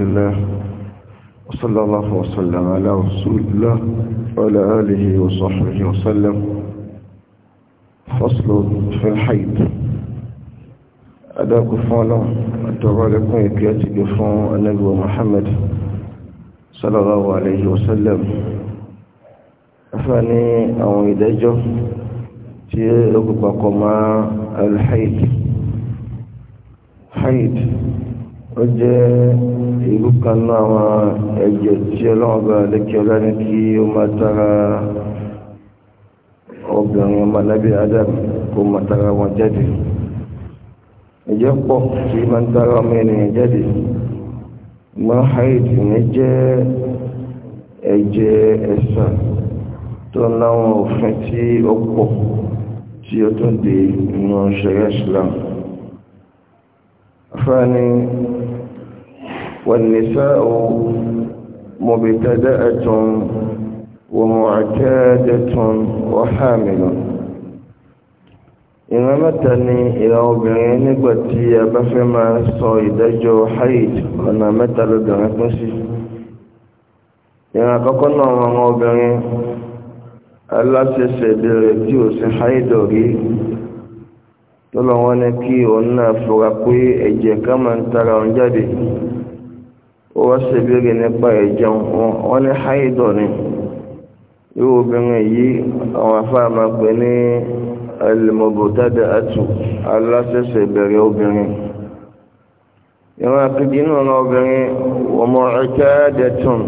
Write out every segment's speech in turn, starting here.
لله وصلى الله وسلم على رسول الله وعلى آله وصحبه وسلم فصل في الحيض أداك فعلا عليكم يكياتك فعلا النبي محمد صلى الله عليه وسلم أفاني أو إدجو تي أقبقما الحيض حيض ó jẹ́ ìlú kan náà àwọn ẹ̀jẹ̀ tí ọlọ́run bá lẹ́kẹ́ ọlá ní kí ó máa tara obìnrin ọmọ alábí adam kó máa tara wọn jáde ẹ̀jẹ̀ pọ̀ tí máa ń tara ọmọ ènìyàn jáde máa haid ní jẹ́ ẹ̀jẹ̀ ẹ̀sà tó láwọn òfin tí ó pọ̀ tí ó tún di inú ṣẹ̀rẹ̀ islam afáàní والنساء مبتدأة ومعتادة وحامل ìrànmẹ́ta ni ìran obìnrin nígbà tí a bá fẹ́ máa sọ ìdájọ́ haid ọ̀nà mẹ́ta ma pín sí ìran àkọ́kọ́ náà wọn àwọn ni kí òun náà fura pé ẹ̀jẹ̀ ká máa ń tara ó wá ṣe béèrè nípa ẹ̀jẹun wọ́n ni irú obìnrin yìí àwọn ma máa pè ní alimọ̀bọ̀tàdà àtù aláṣẹṣẹ bẹ̀rẹ̀ obìnrin ìran àkejì inú ọ̀nà obìnrin ọmọ ẹ̀kẹ́dẹ̀tún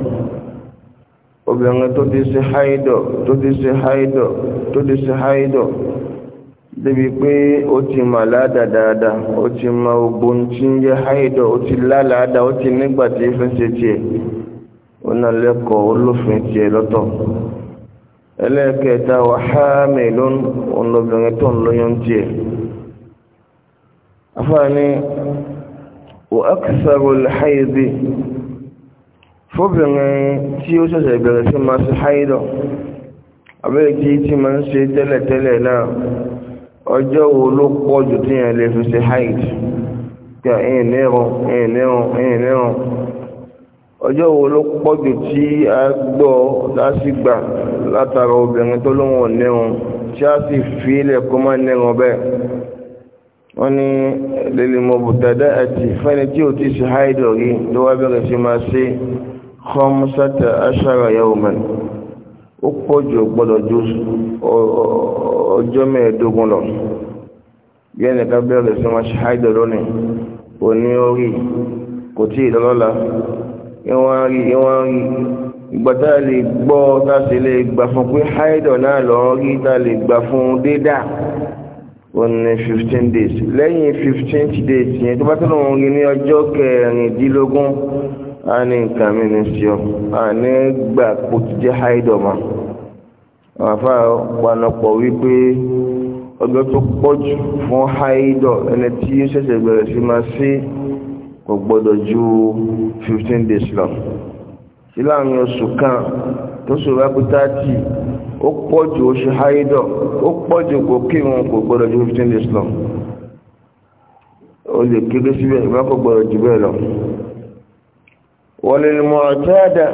obìnrin tó ti ṣe haidọ̀ tó ti ṣe débi pé ó ti mọ̀ láàdà dáadáa ó ti mọ ogun tí ń jẹ́ háìdọ̀ ó ti lálàádà ó ti nígbà tí fẹ́ ṣe tiẹ̀ ó náà lẹ́kọ̀ọ́ olófin tiẹ̀ lọ́tọ̀ ẹlẹ́ẹ̀kẹta wà háàmì lónìí òun lóbìnrin tó ń lóyún tiẹ̀ afáàní wà ákìsàrò lẹ́háìdì fóbìnrin tí ó ṣẹ̀ṣẹ̀ bẹ̀rẹ̀ sí máa ṣe háìdọ̀ abẹ́rẹ́ kí tí máa ń ṣe tẹ́lẹ̀tẹ́lẹ̀ náà ọjọ́ wo ló pọ̀ jù tí yẹn lè fi ṣe haid kí ẹ̀yìn nírun ẹ̀yìn nírun ẹ̀yìn nírun ọjọ́ wo ló pọ̀ jù tí a gbọ́ lásìgbà látara obìnrin tó lóhùn nírun tí a sì fi ilẹ̀ kó má nírun bẹ́ẹ̀ wọ́n ní lèlìmọ̀ bùtàdá àti fẹ́ni tí ò ti ṣe haid rí ló wá bẹ̀rẹ̀ sí máa ṣe khamsata ashara yawman ó pọ̀ jù gbọ́dọ̀ ju ọjọ́ mẹ́ẹ̀ẹ́dógún lọ bí ẹnìkan bẹ̀rẹ̀ sí wọn ṣáájú lónìí kò ní orí kò tí ì lọ́lọ́la ìwọ̀n rí ìwọ̀n rí ìgbàtà lè gbọ́ tàbí lè gbà fún pé haidọ̀ náà lọ rí tà lè gbà fún dédà wọn ní 15 days lẹ́yìn 15 days yẹn tó bá tọ́lọ̀ wọn rí ní ọjọ́ kẹrìndínlógún a ní nǹkan mi ní sí ọ a ní gbà kó ti jẹ́ háìdọ̀ mọ́ àwọn afá panupọ̀ wípé ọjọ́ tó pọ̀ jù fún háìdọ̀ ẹni tí ó ṣẹ̀ṣẹ̀ bẹ̀rẹ̀ sí máa sí kò gbọ́dọ̀ ju 15 days lọ sí láàrin oṣù kan tó ṣe rẹ́pútà tí ó pọ̀ jù oṣù háìdọ̀ ó pọ̀ jù kò kí wọn kò gbọ́dọ̀ ju fifteen days lọ o lè kéré síbẹ̀ ìwọ́n kò gbọ́dọ̀ jù bẹ́ẹ̀ lọ wọlìlmọ̀tẹ́dà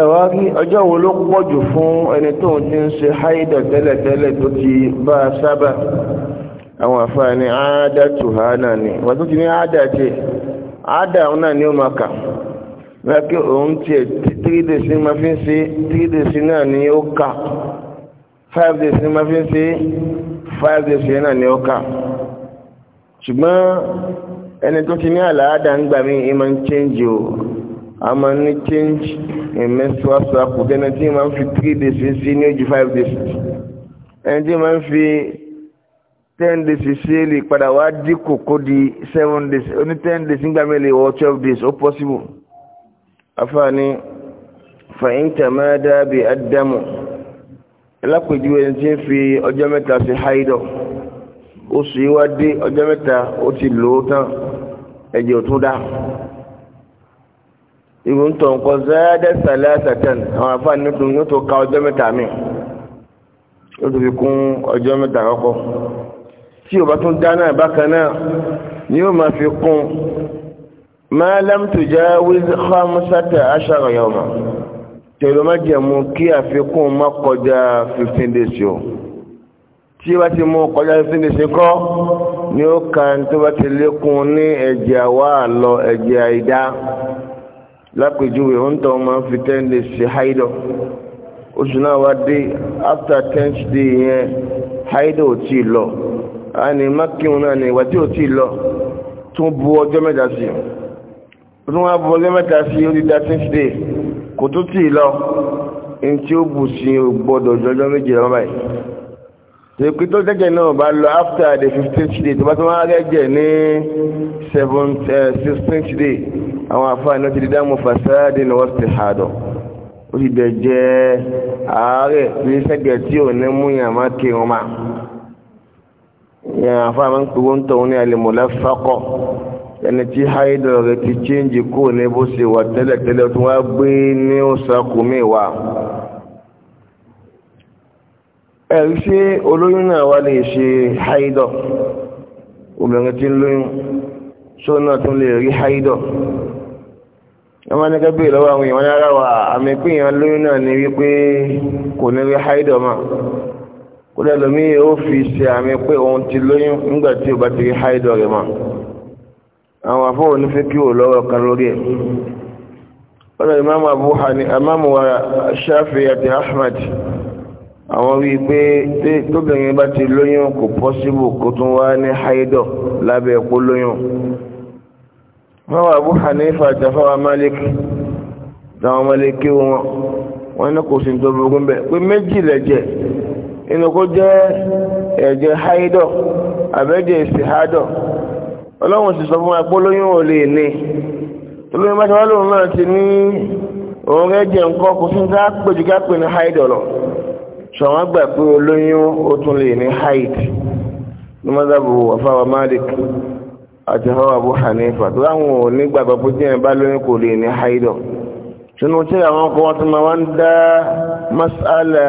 ẹ̀wá rí ọjọ́ wo ló pọ̀jù fún ẹni tó ti ń ṣe haidọ̀ tẹ́lẹ̀tẹ́lẹ̀ tó ti bá a sábà àwọn àfáàní àádá tùhá náà ni wọ́n tó ti ní àádá tí àádá òun náà ni ó máa kà lákí òun ẹ̀ fi ń ṣe náà ni ó kà ẹni tó ti ní àlàáda ń gbà mí ẹ máa ń change o a máa ní change in menstrual cycle tẹ́ni tí máa ń fi three days sí ní ojú five days ẹni tí máa ń fi ten days sí lè padà wá dínkù kó di seven days oní ten days ń gbà mí lè wọ twelve days ó possible afaani fàyíntà máa dábì ádámù alápèjú ẹni tí ń fi ọjọ́ mẹ́ta sí haidọ̀ oṣù yìí wá dé ọjọ́ mẹ́ta ó ti lò ó tán ẹ̀jẹ̀ ò tún dá ìwé ń tọ̀ nǹkan zẹ́ẹ́dẹ́ sàlẹ̀ sàtẹ́n àwọn afáàní tó yóò tó ka ọjọ́ mẹ́ta mi ó tó fi kún ọjọ́ mẹ́ta kọ́kọ́ tí ò bá tún dá náà bákan náà ni yóò máa fi kún ma lam tujawiz khamsata ashara yawma tẹ̀lé má jẹ̀mú kí àfikún má kọjá fifteen days o tí ó bá ti mú kọjá fifteen days kọ́ ni ó ka tó bá ti lékún ní ẹ̀jẹ̀ àwa àlọ ẹ̀jẹ̀ àìdá lápèjúwe ó ń tọ́ máa ń fi ten days ṣe haidọ̀ oṣù náà wá dé after ten day yẹn haidọ̀ ò tí ì lọ àní mákìún náà ní ìwà tí ò tí ì lọ tún bu ọjọ́ mẹ́ta sí ó tún wá bu ọjọ́ mẹ́ta sí ó ti dá ten day kò tó tí ì lọ ní tí ó bù sí gbọ́dọ̀ ọjọ́ méjìlá báyìí èpè tó tẹ́jẹ̀ náà bá lọ after the fifteenth day tó bá tó máa rẹ́jẹ̀ ní seventh eh, sixteenth day àwọn àfáàní náà ti di dáàmú fasadi ní wọ́n ti hàdọ̀ ó ti dẹ̀ jẹ́ àárẹ̀ ní sẹ́gẹ̀ tí ò ní mú yàn má kí wọn má yàn àfáàní máa ń pè wọ́n tó ní alimọ̀lá fakọ̀ ẹni tí haidọ̀ rẹ̀ ti chíńjì kúrò ní bó ṣe wà tẹ́lẹ̀tẹ́lẹ̀ tó wá gbé ní ó sàkùnmí wa. ẹ̀rí ṣé olóyún náà wá lè ṣe haidọ̀ obìnrin tí ń lóyún ṣó náà tún lè rí haidọ̀ wọ́n máa ní lọ́wọ́ àwọn èèyàn wa àmì pé èèyàn lóyún náà ní wípé kò ní rí haidọ̀ mà kó dẹ̀ lómi ó fi ṣe àmì pé òun ti lóyún nígbà tí ò bá ti rí haidọ̀ rẹ̀ mà àwọn afọ́wò ní fẹ́ kan lórí Shafi àti Ahmad àwọn wí pé tóbìnrin bá ti lóyún kò pọ́síbù kó tún wá ní haidọ̀ lábẹ́ ẹ̀kú lóyún fáwọn Abu Hanifa àtàfáwọn Malik táwọn Maliki wọn wọn ní kò sí tó burú bẹ pé méjì lẹ̀jẹ̀ inú kó jẹ́ ẹ̀jẹ̀ haidọ̀ àbẹ́jẹ̀ ìsìhádọ̀ ọlọ́run sì sọ fún wa lóyún ò lè ní olóyún bá ti wá lóun náà ti ní òun rẹ́jẹ̀ nǹkan kò sí ká pèjì ká pè ní haidọ̀ lọ sọ wọn gbà pé olóyún ó tún lè ní haid ní mọ́sábù wàfáwà Malik àti hawa Abu Hanifa tó láwọn ò ní gbàgbọ́ pé tí ẹ̀ bá lóyún kò lè ní haidọ̀ sínú tí àwọn ọkọ̀ wọn tó máa wá ń dá masala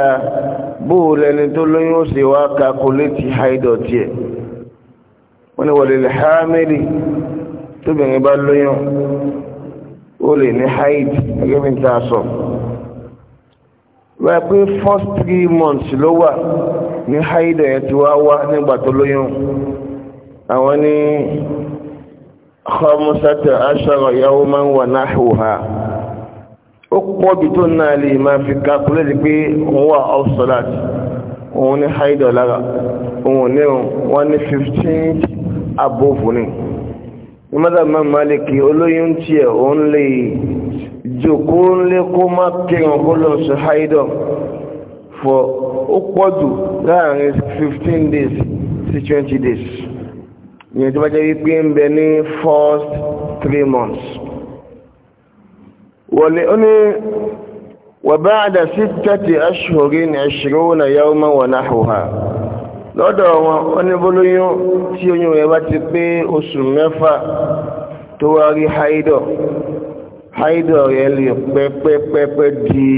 bóòlù ẹni tó lóyún ó sì wá kakuléètì haidọ̀ tiẹ̀ wọ́n ní wọlé lè hámẹ́lì tóbìnrin bá lóyún ó lè ní haid gẹ́gẹ́ bí n ta sọ wọ́n pé first three months ló wà ní haida ẹ̀ tí wá wá nígbà tó lóyún àwọn ní khamsata ashara yawman wa nahwaha ó pọ̀ jù tó náà lè máa fi calculate di pé òun wà off salat òun ní haida lára òun ní wọ́n ní 15 above ní mọ́tà máa máàlìkì olóyún tí ẹ̀ òun lè jòkó ń lé kó má kírun kó lọ sí haidọ̀ fọ ó pọ̀ láàrin fifteen days sí twenty days ìyẹn tó bá jẹ́ wípé ń bẹ ní first three months. wọlé ó ní wàbáàdà sí thirty ashhurin ashruna yawman wa nahwaha lọ́dọ̀ wọn wọ́n ní tí oyún rẹ̀ bá ti pé oṣù mẹ́fà tó wá rí haidọ̀ haidọ̀ rẹ̀ lè pẹ́pẹ́pẹ́pẹ́ di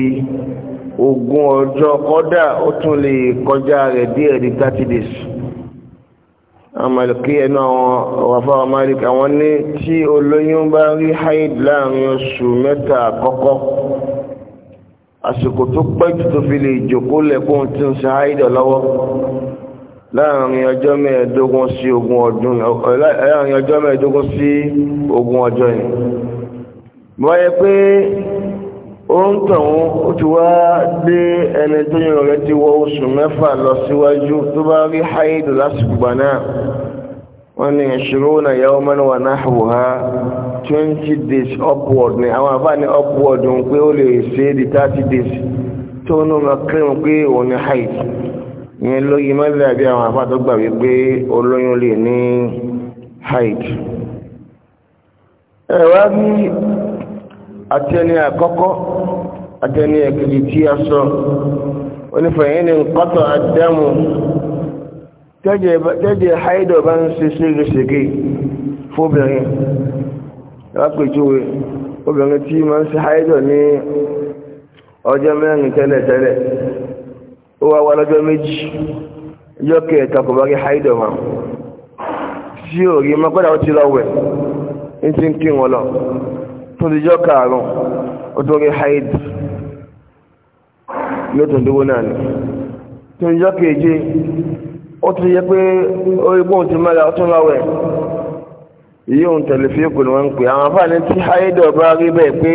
ogún ọjọ́ kọ́dà ó tún lè kọjá rẹ̀ díẹ̀ di thirty days àmàlùkí ẹnu àwọn ọ̀wàfà ọmọdé àwọn ní tí olóyún bá rí haid láàrin oṣù mẹ́ta àkọ́kọ́ àsìkò tó pẹ́ jù fi lè jòkó lẹ́kùn tí ń ṣe haidọ̀ lọ́wọ́ láàrin ọjọ́ mẹ́ẹ̀ẹ́dógún sí ogún ọdún láàrin ọjọ́ mẹ́ẹ̀ẹ́dógún sí ogún ọjọ́ yìí wọ́n yẹ pé ó ń tọ̀hún ó ti wá dé ẹni tó yàn rẹ̀ ti wọ oṣù haidu lásìkò gbà náà wọ́n ní ìṣòro yàwó wà náà ha twenty days upward ni àwọn àbá ní upward ń pé di thirty days tó lọ kírun pé òun ní ìyẹn ló yí àbí àwọn àfáà tó gbà wípé olóyún lè ní haid ẹ wá rí àtẹni àkọ́kọ́ àtẹni ẹ̀kejì tí a sọ onífẹ̀yìn ní nkọ́tọ̀ àdámù tẹ́jẹ̀ haidọ̀ bá ń ṣe ségesège fóbìnrin lápèjúwe obìnrin tí ń ṣe ní wa wá wá lọ́jọ́ méjì ọjọ́ kẹta kò si tí ri rí mọ́ pẹ́lá ó ti lọ wẹ̀ ní ti ń kí wọn lọ tó ti jọ́ kààrùn ó tó rí haidọ̀ ló tún dúró náà ni tó ti jọ́ yóò tẹ̀lé fíìkù ni wọ́n ń pè àwọn afáàní tí haidọ̀ bá rí bẹ́ẹ̀ pé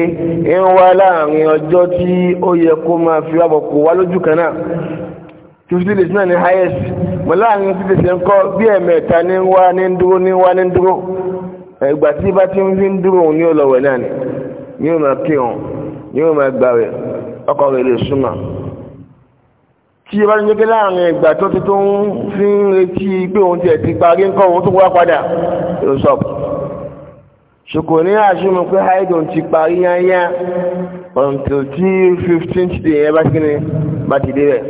ń wá láàrin ọjọ́ tí ó yẹ kó máa fi wábọ̀ kó wá lójú kan náà fifty days náà ní highest mọ̀ láàrin fifty days ń kọ́ bí ẹ̀mẹ̀ta ní ń wá ní ń dúró ní ń wá ní ń dúró ìgbà tí bá ti ń fi ń dúró òun ní ọlọ́wẹ̀ náà ni yóò máa kírun yóò máa gbàwẹ̀ ọkọ̀ rẹ̀ lè súnmọ́ tí ẹ bá ń gbé láàrin ìgbà tó ti tó ń fi ń retí pé òun tiẹ̀ ti parí ń kọ́ òun tó wá padà ló sọ ṣòkò ní àṣùmọ̀ pé haidon ti parí yányá until tí fifteenth day ẹ bá ní bá rẹ̀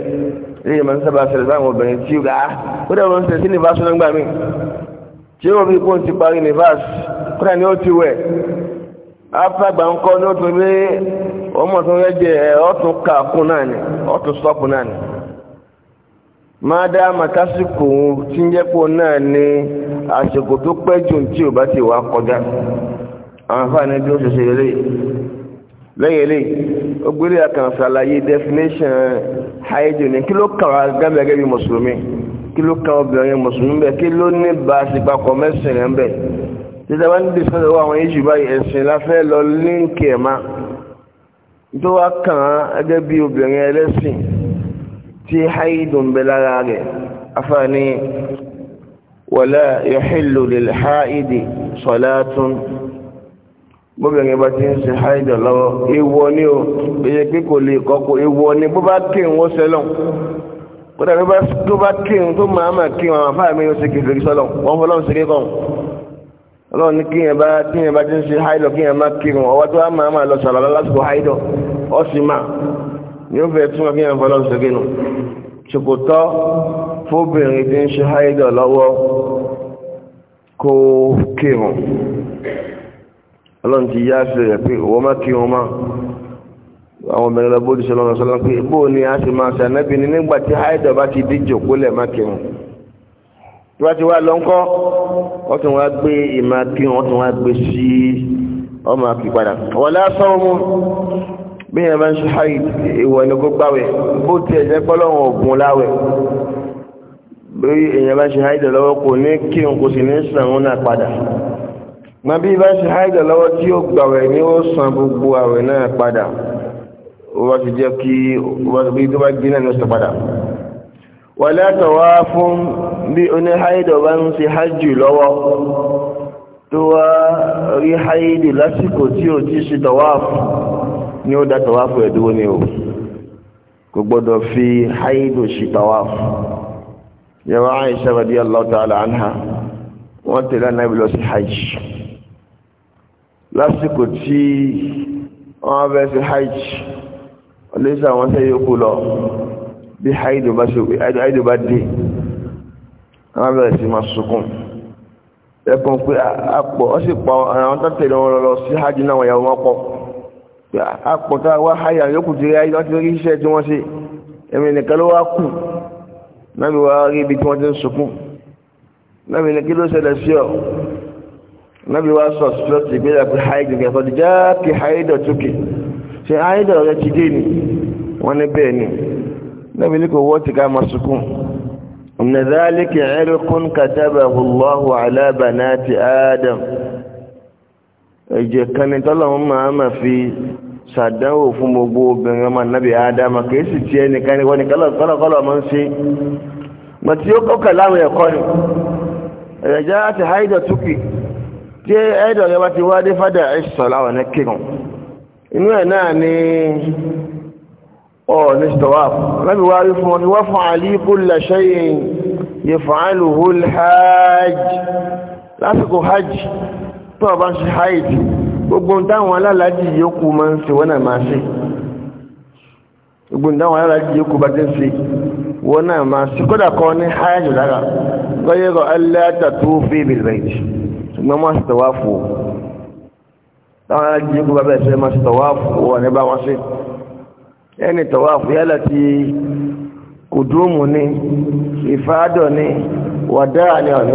lẹ́yìn máa sábà ṣẹlẹ̀ sáwọn obìnrin tí ó ga ó dẹ̀ wọ́n ń tẹ̀sí ní fásitì nígbà míì tí ó rí kó ti parí ní fásitì kódà ni ó ti wẹ̀ afagba ńkọ́ ní ó tún rí ọmọ tó rẹ́ jẹ ọ̀tún kàkún náà ni ọ̀tún sọ́ọ̀pù náà ni máa dá màtásìkò òun tí ń jẹ́pọ̀ náà ní àsìkò tó pẹ́ jù tí ò bá ti wà kọjá àǹfààní bí ó ṣe ṣe lè lẹ́yìn lè ó gbélé àkànṣe àlàyé definition haid ní kí ló kàn wá gámẹ́gẹ́ bí mùsùlùmí kí ló kàn obìnrin mùsùlùmí bẹ́ẹ̀ kí ló ní bá a sì papọ̀ mẹ́sìn rẹ̀ ń bẹ̀ títí àwọn níbi sọ́dọ̀ wà àwọn yíṣù báyìí ẹ̀sìn láfẹ́ lọ líǹkì ẹ̀ má tó wá kàn án gẹ́gẹ́ bí obìnrin ẹlẹ́sìn tí haidun bẹ lára rẹ̀ afáàní wala yuhillu lil haidi salatun bóbìnrin bá ti ń ṣe haidọ̀ lọ́wọ́ ewọ ní o èyí pé kò lè kọ́kọ́ ewọ ní bó bá kírun ó sẹ́lọ̀ kódà tó bá kírun tó máa máa kírun àwọn afáà mi ó ṣe kìfèrí sọ́lọ̀ wọ́n fọlọ́run ṣe kíkọ́ ọlọ́run ní kíyàn bá kíyàn bá ti ń ṣe haidọ̀ kíyàn má kírun ọwọ́ tó wá máa máa lọ sàlọ́ lásìkò haidọ̀ ọ̀sìn máa ni ó fẹ́ tún ọkíyàn fọlọ́run ṣe kínú ṣòkòtọ́ fóbìnrin tí ń ṣe haidọ̀ lọ́wọ́ kó kírun ọlọ́run ti yá sí rẹ̀ pé ìwọ́n má kírun má àwọn obìnrin lọ bóòdù sọlọ́run sọlọ́run pé bóò ni a sì máa ṣànẹ́bí ni nígbà tí haidọ̀ bá ti díjò kólẹ̀ má kírun tí wọ́n ti wá lọ ńkọ́ wọ́n tún wá gbé ìmá kírun wọ́n tún wá gbé sí ọmọ àkìpadà wọ́n lásán mú bí yẹn máa ń ṣe haid ìwọ ni kó gbáwẹ̀ bó tiẹ̀ jẹ́ pọ́lọ́wọ̀n ògùn láwẹ̀ bí èèyàn bá ṣe haid lọ́wọ́ kò ní kí n kò sì ní sàn òun náà padà mọ bí bá ṣe haid lọ́wọ́ tí ó gbàwẹ̀ ni ó san gbogbo àwẹ̀ náà padà ó bá ti jẹ́ kí ó bá ti tó bá gbé náà ní ọ̀sẹ̀ padà wà látọ̀wá fún bí oní haid ọba ń ṣe hajj lọ́wọ́ tó wá rí haid lásìkò tí ò ti ṣe tọ̀wá fún ní ó dá tọwáfù ẹ̀ ni o kò gbọ́dọ̀ fi haidu ṣe tọwáfù yàrá Aisha radiyallahu ta'ala anha wọ́n tẹ̀lé Ànábì lọ sí hajj lásìkò tí wọ́n bẹ́ sí hajj ọlẹ́sà wọ́n tẹ́ yóò lọ bí haidu bá dé wọ́n bẹ̀rẹ̀ sí máa sọkún ẹkùn pé àpọ̀ ọ́ sì pọ̀ àwọn tó tẹ̀lé wọn lọ sí hajj náà wọ́n yà wọ́n pọ̀ apọ̀tá wá háyà yókù tí ayé láti rí iṣẹ́ tí wọ́n ṣe ẹ̀mí nìkan ló wá kù náà wá rí ibi tí wọ́n ti ń sunkún náà ní kí ló ṣẹlẹ̀ sí ọ náà wá sọ sọ́ọ̀tì ìgbéyà pé háyìdì kẹfọ́ ti já kí háyìdọ̀ tókè ṣe háyìdọ̀ rẹ ti dé ni wọ́n ní bẹ́ẹ̀ ni náà ní kò wọ́n ti ká máa sunkún ọ̀nà dáálé kẹ̀ẹ́rẹ́kún kàtàbà Allahu ala banati Adam ẹ̀jẹ̀ kan ni tọ́lọ́run máa ma fi ṣàdánwò fún gbogbo obìnrin ọmọ nábì ádámà kìí sì ti ẹnìkan ni wọ́n ni kọ́lọ̀kọ́lọ̀ máa ń ṣe mọ̀ tí ó kọ́kà láwọn ẹ̀kọ́ ni ẹ̀jẹ̀ láti haidọ̀ túkì tí haidọ̀ yẹn bá ti wá dé fádà ẹ̀ṣọ̀ láwọn ní kírun inú ẹ̀ náà ni ọ̀ ní stọ̀wáp lábì wá rí fún wọn ni wọ́n fún àlí kulla shay'in yaf'aluhu al-hajj lásìkò hajj tó ọba ṣe haid gbogbo táwọn alálàájì yòókù máa ń ṣe wọ́n náà máa ṣe gbogbo táwọn alálàájì yòókù bá ti ń ṣe wọ́n náà máa ṣe kódà kan ní haid lára lọ́yẹ̀rọ aláta tó fi bìrìbìrì ṣùgbọ́n wọ́n ṣe tọ́wá fò táwọn alálàájì yòókù bá bẹ̀rẹ̀ ṣe máa ṣe tọ́wá fò wọ́n ní bá wọ́n ṣe ẹni tọ́wá fò yálà ti kùdùmù ni ìfádọ̀ ni wàdá ni ọ̀nà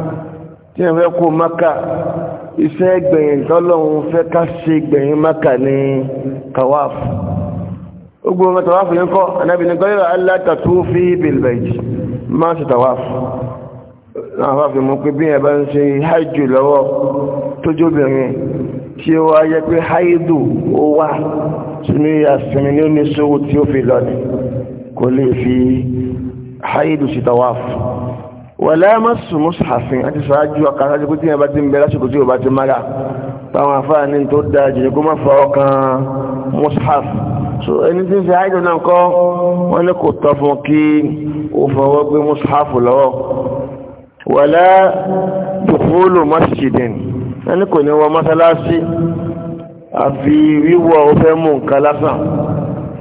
tí wọ́n fẹ́ kó maka iṣẹ́ gbẹ̀yìn tọ́lọ́run fẹ́ ká ṣe gbẹ̀yìn maka ní tawaf ogun ọmọ tawaf yẹn kọ́ anábì ní gọ́lẹ́rọ fi bilbeji máa ṣe tawaf náà wá mú pé bí ẹ̀bá ń ṣe hajj lọ́wọ́ tó jóbìnrin tí ó pé haidu ó wà sínú àsìnmi ní oníṣòwò tí ó fi lọ kò lè fi haidu sí tawaf wọ̀lẹ́ mọ́sùn mọ́sùn àti ṣáájú akáṣájú kó tí ẹ bá ti ń bẹ lásìkò tí ó bá ti mára táwọn afáà ní tó dáa jù ní kó má fa ọkàn mọ́sùn so ẹni tí ń fi àìdọ̀ náà kọ́ wọ́n ní kò tọ́ fún kí o fọwọ́ gbé mọ́sùn lọ́wọ́ wọ̀lẹ́ dùfúlù mọ́sùn ẹni kò ní wọ mọ́sálásí àfi wíwọ ó fẹ́ mú nǹkan lásán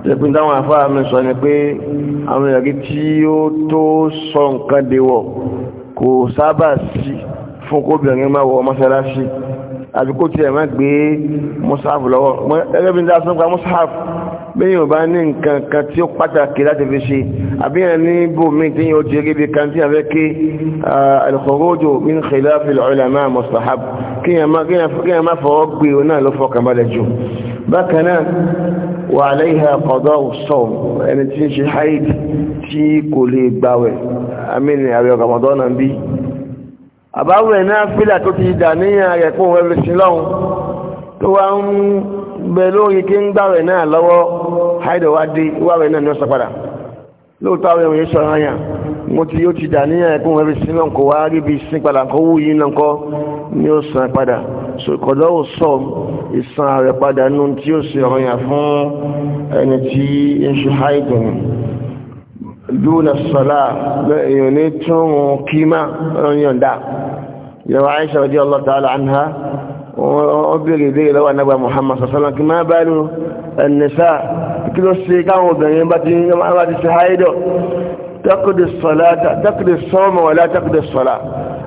tẹ̀pín táwọn àfáà mi sọ ni pé àwọn ìyàrí tí ó tó sọ nǹkan dewọ̀ kò sábà sí fún kóbìnrin máa wọ mọ́sálásí àti kó tiẹ̀ má gbé mọ́sáàfù lọ́wọ́ ẹgbẹ́ bí n dáa sọ́npa mọ́sáàfù bẹ́yìn ò bá ní nǹkan kan tí ó pàtàkì láti fi ṣe àbíyàn ní bòmí tí yóò ti rí bí kan tí a fẹ́ kí al-khuruju min khilaf al-ulama mustahab kíyàn má fọwọ́ gbé ọ náà ló fọkànbalẹ̀ jù وعليها قضاء الصوم يعني تشي حيد تي كولي باوي امين ابي رمضان انبي abawe na fila to ti daniya re ko we sin lohun to wa ń bẹ lórí kí ń gbàwẹ̀ náà lọ́wọ́ haidowade wáwẹ̀ náà ni ó sọpadà lóòótọ́ ti yóò ti dà kọ̀dọ́wò sọ ìsan rẹ̀ padà nú tí ó sì rọ̀yàn fún ẹni tí ń ṣe haidun dúnà sọ́lá èèyàn ní tún kíma rọ̀yàndà yàwó Aisha radiyallahu ta'ala anha wọ́n bèèrè ìbéèrè lọ́wọ́ anábà Muhammad sọ́sọ́lá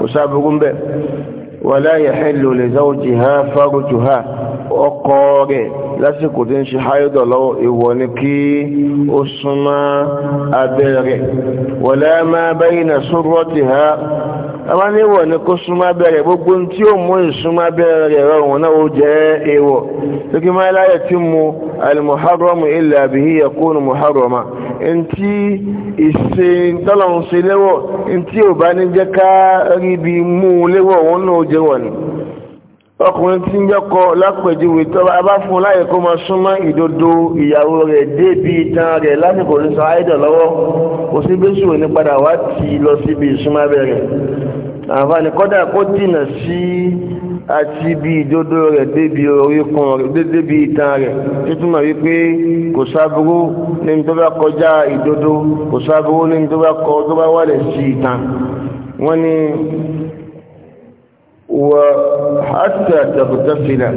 kò sábúrú ń bẹ̀ wala yahillu li zawjiha farjuha ọkọ rẹ̀ lásìkò tí ń ṣe háyọ́dọ̀ lọ́wọ́ ìwọ̀ ni kí ó súnmọ́ abẹ́ rẹ̀ wala ma bayna surratiha àwọn níwọ̀ ni kó súnmọ́ abẹ́ rẹ̀ gbogbo tí ó mú ìsúnmọ́ abẹ́ rẹ̀ rọrùn náà ó jẹ́ èèwọ̀ tó kí máa láyẹ̀ tí mu al-muharramu illa bihi yakunu muharrama ntí ìṣe tọ́lọ̀ ń ṣe léwọ̀ ntí ò bá ní jẹ́ ká rí ibi mú léwọ̀ wọn náà ó jẹ́ wọ̀ ni ọkùnrin tí ń jọ́kọ lápẹ̀júwe tó bá fún láyé kó máa súnmọ́ ìdodo ìyàwó rẹ̀ débi itan rẹ̀ lásìkò ní sọ àìdọ̀ lọ́wọ́ kò sí bẹ́sù òní padà wá ti lọ síbi ìsúnmọ́ abẹ́rẹ́ àǹfààní kọ́dà kó dìnà sí àti ibi ìdodo rẹ̀ débi oríkun rẹ̀ débi itan rẹ̀ títún mọ̀ wípé kò sábúrú ní tó bá kọjá ìdodo kò sábúrú ní tó bá wálẹ̀ sí itan wọ́n ní wa hatta tẹ̀kùtẹ́fìlẹ̀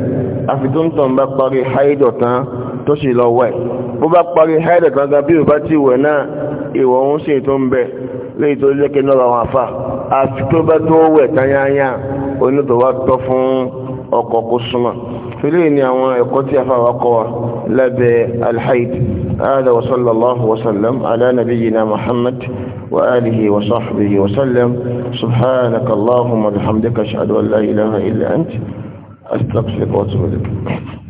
àfi tó ń tàn bá parí haidọ̀ tán tó sì lọ wẹ̀ bó bá parí haidọ̀ tán gan bí ò bá ti wẹ̀ náà ìwọ̀ ń sì tó ń bẹ lẹ́yìn tó lékè náà àwọn àfà àfi tó bá tó wẹ̀ tányányá onítọ̀wá tọ́ fún ọkọ̀ kó súnmọ́ فليني ni àwọn ẹ̀kọ́ tí a fà wá kọ́ wa ko هذا وصلى الله وسلم على نبينا محمد وآله وصحبه وسلم سبحانك اللهم وبحمدك أشهد أن لا إله إلا أنت أستغفرك وأتوب إليك